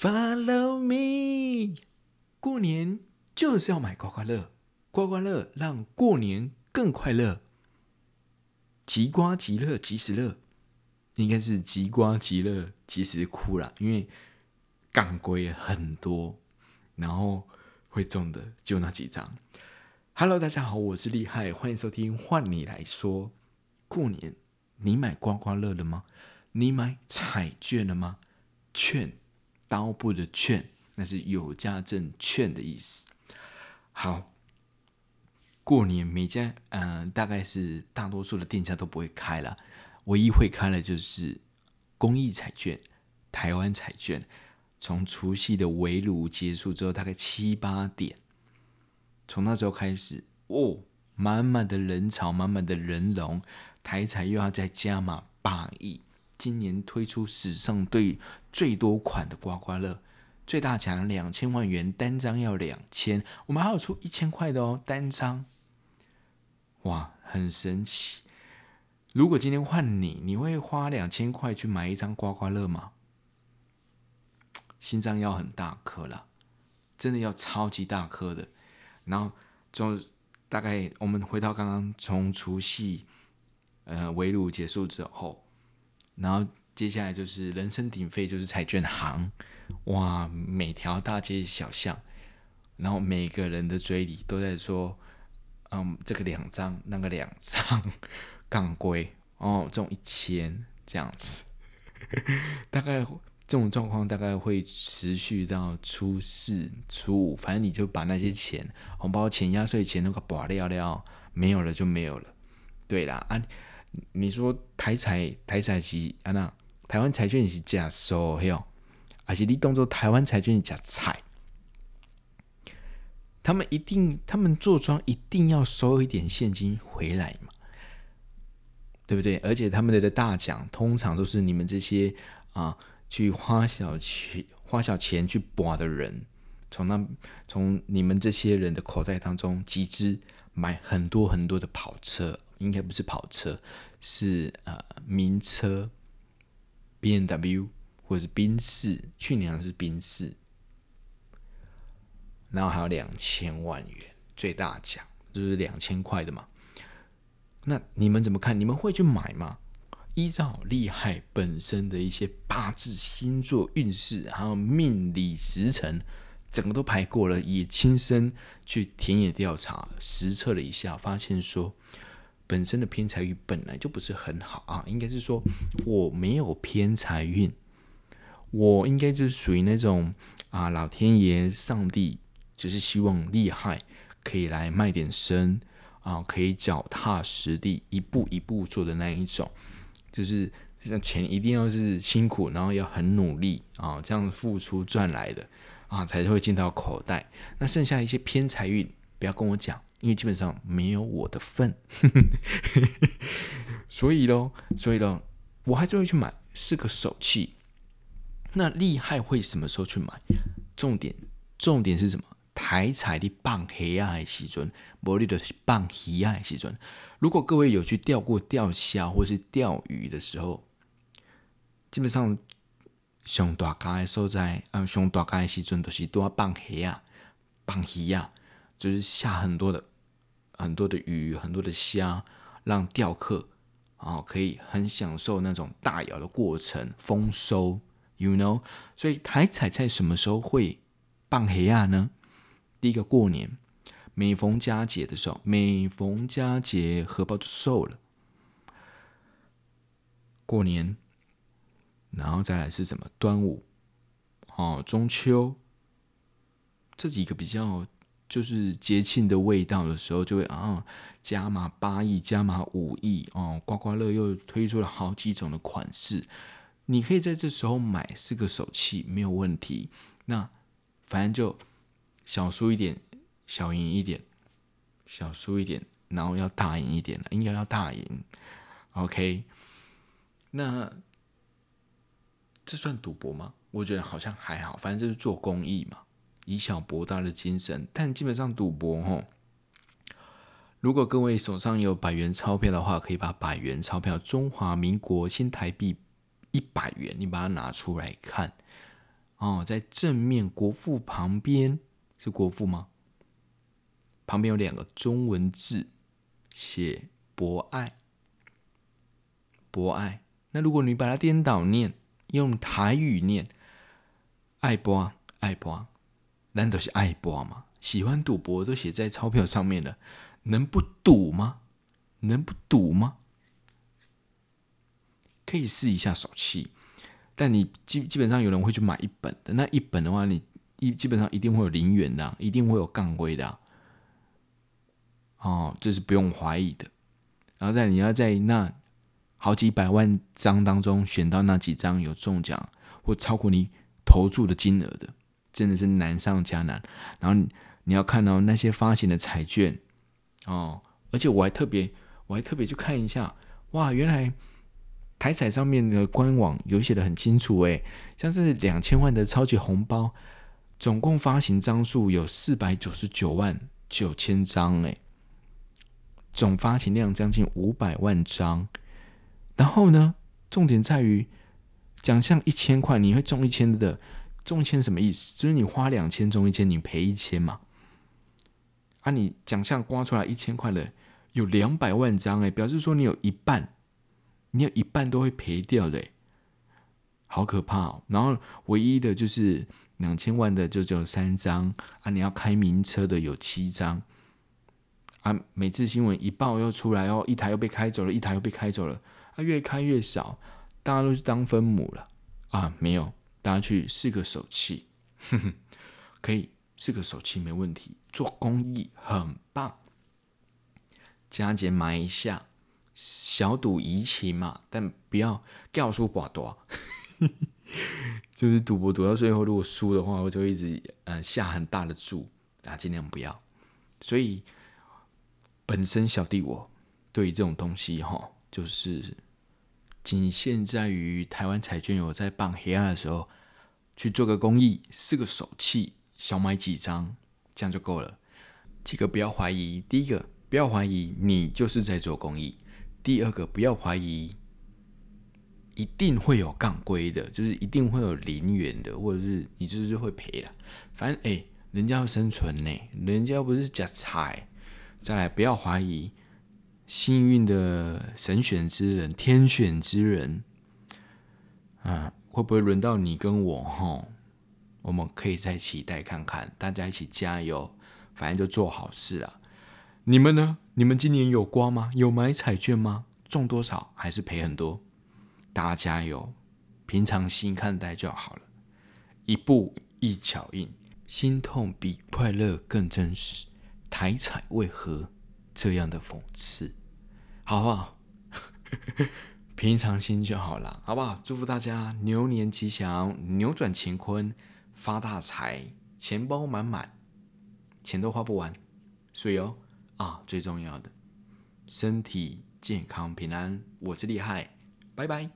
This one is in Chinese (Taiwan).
Follow me，過年就是要買刮刮樂，刮刮樂讓過年更快樂。即刮即樂，即時樂，應該是即刮即樂，即時哭了，因為摃龜很多，然後會中的就那幾張。Hello，大家好，我是厲害，歡迎收聽。換你來說，過年你買刮刮樂了嗎？你買彩券了嗎？券。刀部的券，那是有價證券的意思。好，過年每家，嗯、呃，大概是大多數的店家都不會開了，唯一會開的就是公益彩券、台灣彩券。從除夕的圍爐結束之後，大概七八點，從那時候開始，哦，滿滿的人潮，滿滿的人龍，台彩又要再加碼八億。今年推出史上最最多款的刮刮樂，最大獎兩千萬元，單張要兩千，我們還有出一千塊的哦，單張，哇，很神奇！如果今天換你，你會花兩千塊去買一張刮刮樂嗎？心臟要很大顆了，真的要超級大顆的。然後，就大概我們回到剛剛從除夕呃圍爐結束之後。然後接下來就是人聲鼎沸，就是彩券行，哇，每條大街小巷，然後每個人的嘴裡都在說，嗯，這個兩張，那個兩張，槓龜，哦，中一千這樣子，大概這種狀況大概會持續到初四、初五，反正你就把那些錢、紅包錢、壓歲錢都給拔掉掉，沒有了就沒有了，對啦，啊。你說台彩台彩，是按怎？台灣彩券是吃素，嘿哦，而且你當作台灣彩券是吃菜？他們一定，他們坐莊一定要收一點現金回來嘛，對不對？而且他們的大獎通常都是你們這些啊、呃，去花小錢、花小錢去博的人，從那從你們這些人的口袋當中集資買很多很多的跑車。應該不是跑車，是呃名車，B M W 或者是賓士，去年是賓士，然後還有兩千萬元最大獎，就是兩千塊的嘛。那你們怎麼看？你們會去買嗎？依照厲害本身的一些八字、星座、運勢，還有命理時辰，整個都排過了，也親身去田野調查、實測了一下，發現說。本身的偏財運本來就不是很好啊，應該是說我沒有偏財運，我應該就是屬於那種啊，老天爺、上帝就是希望厲害可以來賣點身啊，可以腳踏實地一步一步做的那一種，就是像錢一定要是辛苦，然後要很努力啊，這樣付出賺來的啊，才會進到口袋。那剩下一些偏財運，不要跟我講。因為基本上沒有我的份 所以囉，所以嘍，所以嘍，我還是會去買，是個手氣。那厲害會什麼時候去買？重點，重點是什麼？台彩的棒鞋啊，的時準魔力的棒魚啊，時準。如果各位有去釣過釣蝦或是釣魚的時候，基本上上大溪的所在啊，上大溪的時準都是多棒鞋啊，棒魚啊。就是下很多的，很多的魚，很多的蝦，讓釣客啊、哦、可以很享受那種大咬的過程，豐收，you know？所以台彩在什麼時候會放黑暗、啊、呢？第一個過年，每逢佳節的時候，每逢佳節荷包就瘦了。過年，然後再來是什麼？端午，哦，中秋，這幾個比較。就是節慶的味道的時候，就會啊、哦、加碼八億，加碼五億哦，刮刮樂又推出了好幾種的款式，你可以在這時候買，是個手氣沒有問題。那反正就小輸一點，小贏一點，小輸一點，然後要大贏一點，應該要大贏。OK，那這算賭博嗎？我覺得好像還好，反正就是做公益嘛。以小博大的精神，但基本上賭博、哦，吼。如果各位手上有百元鈔票的話，可以把百元鈔票（中華民國新台幣一百元）你把它拿出來看，哦，在正面國父旁邊是國父嗎？旁邊有兩個中文字，寫“博愛”，博愛。那如果你把它顛倒念，用台語念，“愛博愛博”。單都是愛博嘛，喜歡賭博都寫在鈔票上面了，能不賭嗎？能不賭嗎？可以試一下手氣，但你基基本上有人會去買一本的，那一本的話，你一基本上一定會有零元的、啊，一定會有槓龜的、啊，哦，這是不用懷疑的。然後在你要在那好幾百萬張當中選到那幾張有中獎或超過你投注的金額的。真的是難上加難，然後你要看到、哦、那些發行的彩券哦，而且我還特別，我還特別去看一下，哇，原來台彩上面的官網有寫的很清楚，誒，像是兩千萬的超級紅包，總共發行張數有四百九十九萬九千張，誒，總發行量將近五百萬張，然後呢，重點在於獎項一千塊，你會中一千的。中一千什麼意思？就是你花兩千中一千，你賠一千嘛？啊，你獎項刮出來一千塊的有兩百萬張哎、欸，表示說你有一半，你有一半都會賠掉嘞、欸，好可怕、喔！然後唯一的就是兩千萬的就只有三張啊，你要開名車的有七張啊。每次新聞一報又出來哦、喔，一台又被開走了，一台又被開走了，啊，越開越少，大家都是當分母了啊，沒有。大家去試個手氣，哼哼，可以試個手氣沒問題。做公益很棒，加減買一下，小賭怡情嘛，但不要掉書寡多，呵呵。就是賭博賭到最後，如果輸的話，我就會一直呃下很大的注，大家盡量不要。所以本身小弟我對於這種東西吼，就是。僅限在於台灣彩券有在辦黑暗的時候去做個公益，試個手氣，小買幾張，這樣就夠了。幾個不要懷疑，第一個不要懷疑，你就是在做公益；第二個不要懷疑，一定會有槓龜的，就是一定會有零元的，或者是你就是會賠了。反正誒、欸、人家要生存呢、欸，人家又不是假彩、欸。再來，不要懷疑。幸運的神選之人，天選之人，嗯、啊，會不會輪到你跟我？吼，我們可以再期待看看，大家一起加油，反正就做好事啊。你們呢？你們今年有刮嗎？有買彩券嗎？中多少還是賠很多？大家加油，平常心看待就好了。一步一腳印，心痛比快樂更真實。台彩為何這樣的諷刺？好不好？ 平常心就好了，好不好？祝福大家牛年吉祥，扭轉乾坤，發大財，錢包滿滿，錢都花不完。所以哦，啊，最重要的，身體健康，平安，我是厲害，拜拜。